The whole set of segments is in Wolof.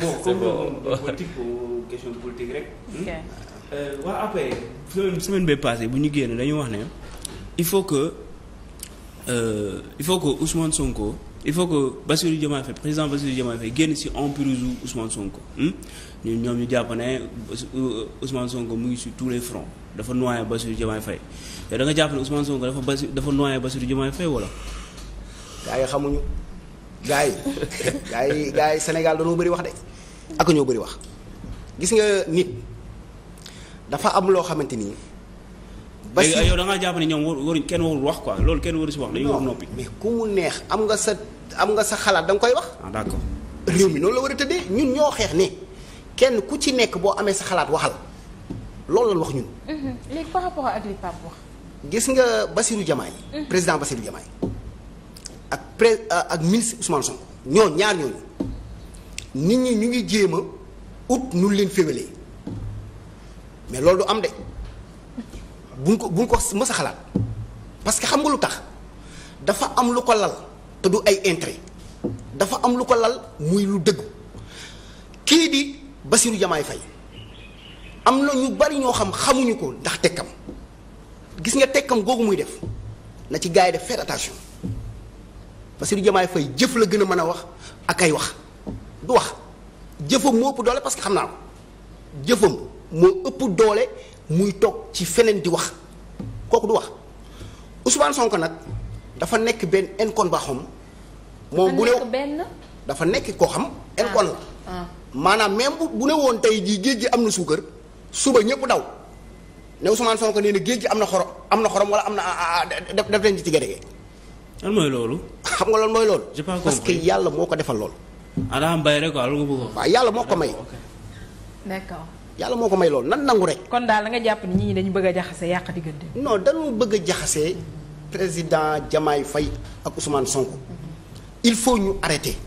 c'est bon comme moom politique ou hmm? euh, question semaine semaine bee bu ñu génn dañu wax ne il faut que euh, il faut que Ousmane Sonko il faut que Bassirou Diomaye Faye président Bassirou Diomaye Faye génn ci emprise Ousmane Sonko hmm? ñu ñoom ñu jàpp ne euh, Ousmane Sonko mu ngi sur tous les fronts dafa noyé Bassirou Diomaye Faye yow da nga jàpp ne Ousmane Sonko dafa Bassirou dafa noyé Bassirou Diomaye Faye wala. gars yi xamuñu. gars yi gars yi gars yi Sénégal dañoo wax de ak ñoo bari wax gis nga nit dafa am loo xamante ni. ba si yow da ngaa jàpp ne ñoom waruñ kenn warul wax ko loolu kenn waru si wax dañu war noppi. mais ku mu neex am nga sa am nga sa xalaat da koy wax. ah d'accord réew mi noonu la war a tëddee ñun ñoo xeex ne kenn ku ci nekk boo amee sa xalaat waxal loolu lañ wax ñun. Mhm. léegi par rapport ak li Pape wax. gis nga Bassirou Diomaye. président Bassirou Diomaye. ak pré euh, ak ministre Ousmane Sonko ñoo ñaar ñooñu nit ñi ñu ngi jéem a ut nu leen féwalee mais loolu du am de buñ ko buñ ko mës xalaat parce que xam nga lu tax dafa am lu ko lal te du ay intérêt dafa am lu ko lal muy lu dëgg kii di Bassirou Diomaye fay am na ñu bari ñoo xam xamuñu ko ndax tekkam gis nga tekkam googu muy def na ci gars yi de faire attention Bassirou Diomaye fay jëf la gën a mën a wax ak ay wax du wax jëfam moo ëpp doole parce que xam naa jëfam moo ëpp doole muy toog ci feneen di wax kooku du wax Ousmane sonk nag dafa nekk benn enkoon ba xam moom bu ne dafa nekk koo xam enkoon la ah, ah. maanaam même bu ne woon tey jii géej gi am na suukar suba ñëpp daw ne Ousmane sonk nee na géej gi am na xorom am na xorom wala am na ah, def leen ci tigga lan mooy loolu. xam nga lan mooy loolu. parce que yàlla moo ko defal loolu. Adam Mbaye rek quoi loolu nga bëgg waaw yàlla moo ko may. d'accord. yàlla moo ko may loolu nan nangu rek. kon daal la nga jàpp ni ñii dañu bëgg a jaxase yàq diggante. non dañu bëgg a jaxase président jamaa Diomaye fay ak Ousmane Sonko. il faut ñu arrêter.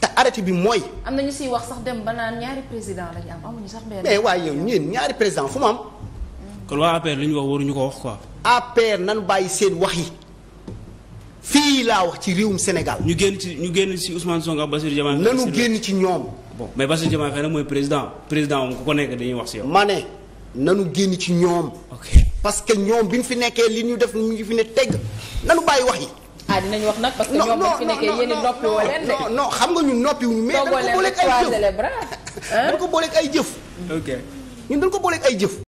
te arrêté bi mooy. am na ñu siy wax sax dem ba naan ñaari président lañu am amuñu sax benn. mais waaye yow ñeen ñaari président fu mu am. kon waa APR li ñu waruñu ko wax quoi. APR nan bàyyi seen wax yi. fii laa wax ci réewum Sénégal. ñu génn ci ñu génn ci Ousmane Sonko ak Bassirou Diomaye. nanu génn ci ñoom. bon mais Bassirou Diomaye Faye nag mooy président président ku ko nekk dañuy wax ci yow. ma ne nanu génn ci ñoom. parce que ñoom bi ñu fi nekkee li ñu def mu ngi fi ne teg nanu bàyyi wax yi. ah dinañ wax nag parce que ñoom fi nekkee yéen noppi woo xam nga ñu noppi wuñu mais dañ ko booleeg ay jëf dañ ko booleeg ay jëf. ñun dañ ko booleeg ay jëf.